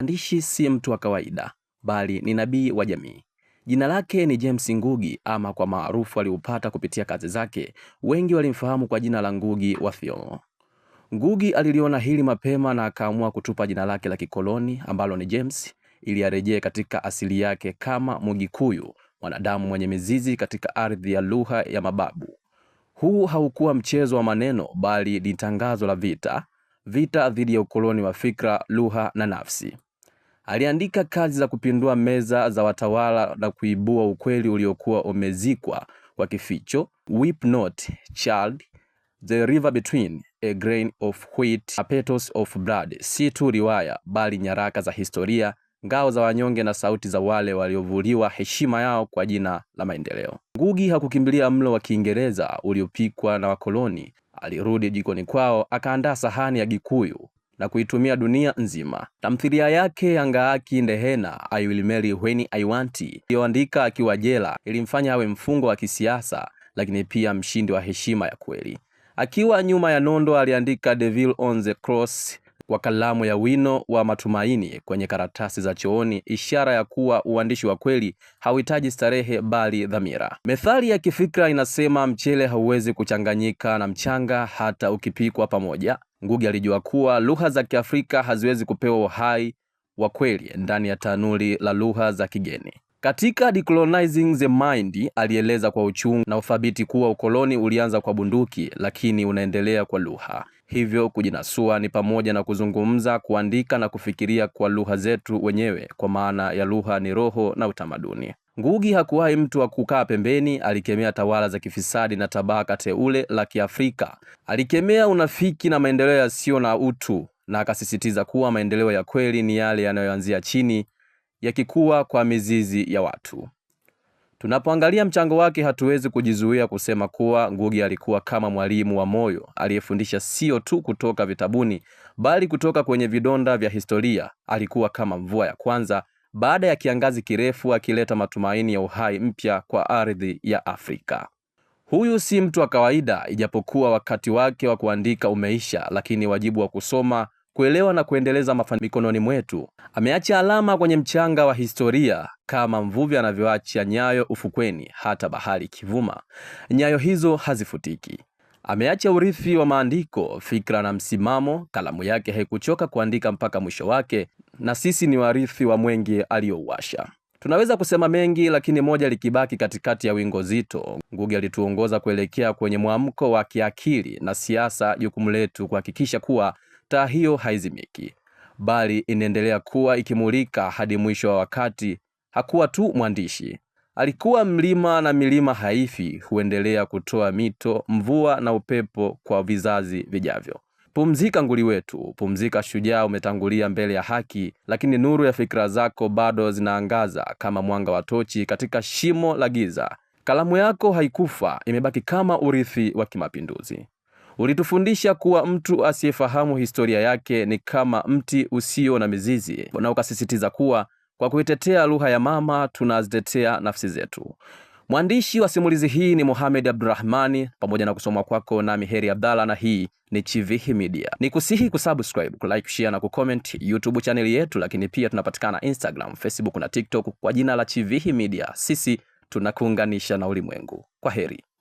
Mwandishi si mtu wa kawaida, bali ni nabii wa jamii. Jina lake ni James Ngugi ama kwa maarufu aliupata kupitia kazi zake. Wengi walimfahamu kwa jina la Ngugi wa Thiong'o. Ngugi aliliona hili mapema na akaamua kutupa jina lake la kikoloni ambalo ni James ili arejee katika asili yake kama Mugikuyu, mwanadamu mwenye mizizi katika ardhi ya lugha ya mababu. Huu haukuwa mchezo wa maneno bali ni tangazo la vita, vita dhidi ya ukoloni wa fikra, lugha na nafsi. Aliandika kazi za kupindua meza za watawala na kuibua ukweli uliokuwa umezikwa wa kificho: Weep Not Child, The River Between, A Grain of Wheat, A Petals of Blood. Si tu riwaya, bali nyaraka za historia, ngao za wanyonge na sauti za wale waliovuliwa heshima yao kwa jina la maendeleo. Ngugi hakukimbilia mlo wa Kiingereza uliopikwa na wakoloni. Alirudi jikoni kwao, akaandaa sahani ya Gikuyu na kuitumia dunia nzima. Tamthilia yake Angaaki Ndehena I Will Marry When I Want iliyoandika akiwa jela ilimfanya awe mfungo wa kisiasa, lakini pia mshindi wa heshima ya kweli. Akiwa nyuma ya nondo aliandika Devil on the Cross kwa kalamu ya wino wa matumaini kwenye karatasi za chooni, ishara ya kuwa uandishi wa kweli hauhitaji starehe bali dhamira. Methali ya kifikra inasema mchele hauwezi kuchanganyika na mchanga hata ukipikwa pamoja. Ngugi alijua kuwa lugha za Kiafrika haziwezi kupewa uhai wa kweli ndani ya tanuri la lugha za kigeni. Katika Decolonizing the Mind alieleza kwa uchungu na uthabiti kuwa ukoloni ulianza kwa bunduki, lakini unaendelea kwa lugha. Hivyo kujinasua ni pamoja na kuzungumza, kuandika na kufikiria kwa lugha zetu wenyewe, kwa maana ya lugha ni roho na utamaduni. Ngugi hakuwahi mtu wa kukaa pembeni. Alikemea tawala za kifisadi na tabaka teule la Kiafrika. Alikemea unafiki na maendeleo yasiyo na utu, na akasisitiza kuwa maendeleo ya kweli ni yale yanayoanzia chini, yakikuwa kwa mizizi ya watu. Tunapoangalia mchango wake, hatuwezi kujizuia kusema kuwa Ngugi alikuwa kama mwalimu wa moyo aliyefundisha sio tu kutoka vitabuni, bali kutoka kwenye vidonda vya historia. Alikuwa kama mvua ya kwanza baada ya kiangazi kirefu, akileta matumaini ya uhai mpya kwa ardhi ya Afrika. Huyu si mtu wa kawaida, ijapokuwa wakati wake wa kuandika umeisha, lakini wajibu wa kusoma kuelewa na kuendeleza mafanikio mikononi mwetu. Ameacha alama kwenye mchanga wa historia kama mvuvi anavyoacha nyayo ufukweni, hata bahari kivuma nyayo hizo hazifutiki. Ameacha urithi wa maandiko, fikra na msimamo. Kalamu yake haikuchoka kuandika mpaka mwisho wake, na sisi ni warithi wa mwenge aliyouasha. Tunaweza kusema mengi, lakini moja likibaki katikati ya wingo zito. Ngugi alituongoza kuelekea kwenye mwamko wa kiakili na siasa, jukumu letu kuhakikisha kuwa Taa hiyo haizimiki, bali inaendelea kuwa ikimulika hadi mwisho wa wakati. Hakuwa tu mwandishi, alikuwa mlima, na milima haifi, huendelea kutoa mito, mvua na upepo kwa vizazi vijavyo. Pumzika nguli wetu, pumzika shujaa. Umetangulia mbele ya haki, lakini nuru ya fikra zako bado zinaangaza kama mwanga wa tochi katika shimo la giza. Kalamu yako haikufa, imebaki kama urithi wa kimapinduzi. Ulitufundisha kuwa mtu asiyefahamu historia yake ni kama mti usio na mizizi, na ukasisitiza kuwa kwa kuitetea lugha ya mama tunazitetea nafsi zetu. Mwandishi wa simulizi hii ni Mohamed Abdurahmani, pamoja na kusoma kwako nami Heri Abdalla, na hii ni Chivihi Media. Ni kusihi kusubscribe, kulike, share na kucomment YouTube chaneli yetu, lakini pia tunapatikana Instagram, Facebook na TikTok kwa jina la Chivihi Media. Sisi tunakuunganisha na ulimwengu. Kwa heri.